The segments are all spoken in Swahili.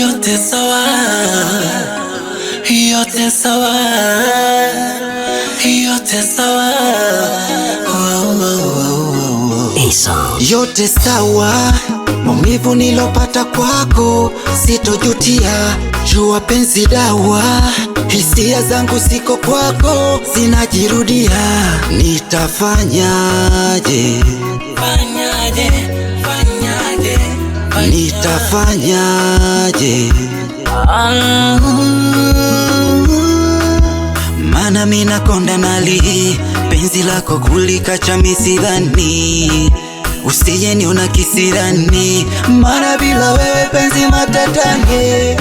yote sawa, yote sawa, yote sawa, yote sawa. Maumivu nilopata kwako sitojutia, jua penzi dawa. Hisia zangu siko kwako zinajirudia, nitafanyaje? Fanyaje, fanyaje nitafanyaje? mana mina konda nali penzi lako kulikacha misidhani usije niona kisidhani, mana bila wewe penzi matatani.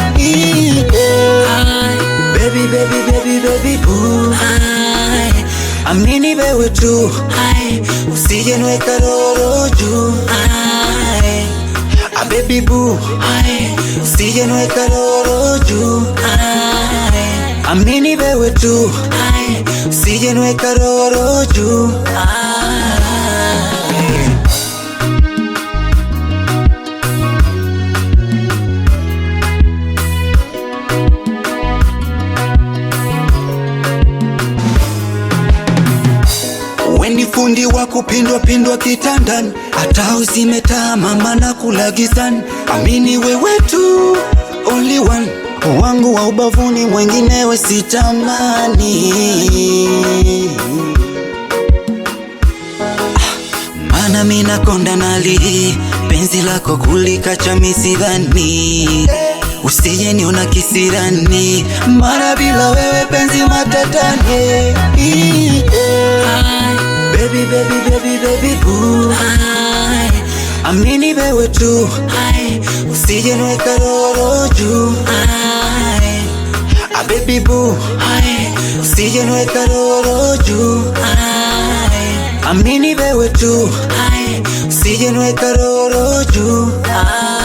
Baby, baby, baby, baby boo, amini wewe tu, usije niweka roho juu baby boo, usijaniwe kaloro juu, amini wewe tu, usijaniwe kaloro juu fundi wa kupindwa pindwa kitandani, hata usimetaa mama na kulagizani, amini wewe tu only one wangu wa ubavuni, mwenginewe sitamani. mana mina konda nali penzi lako kulikacha misidhani Usije niona kisirani, mara bila wewe penzi matatani. Ee. Baby, baby, baby, baby boo. Hai, amini wewe tu. Hai, usije niweka roho juu. Hai, a ah, baby boo. Hai, usije niweka roho juu. Hai, amini wewe tu. Hai, usije niweka roho juu. Hai.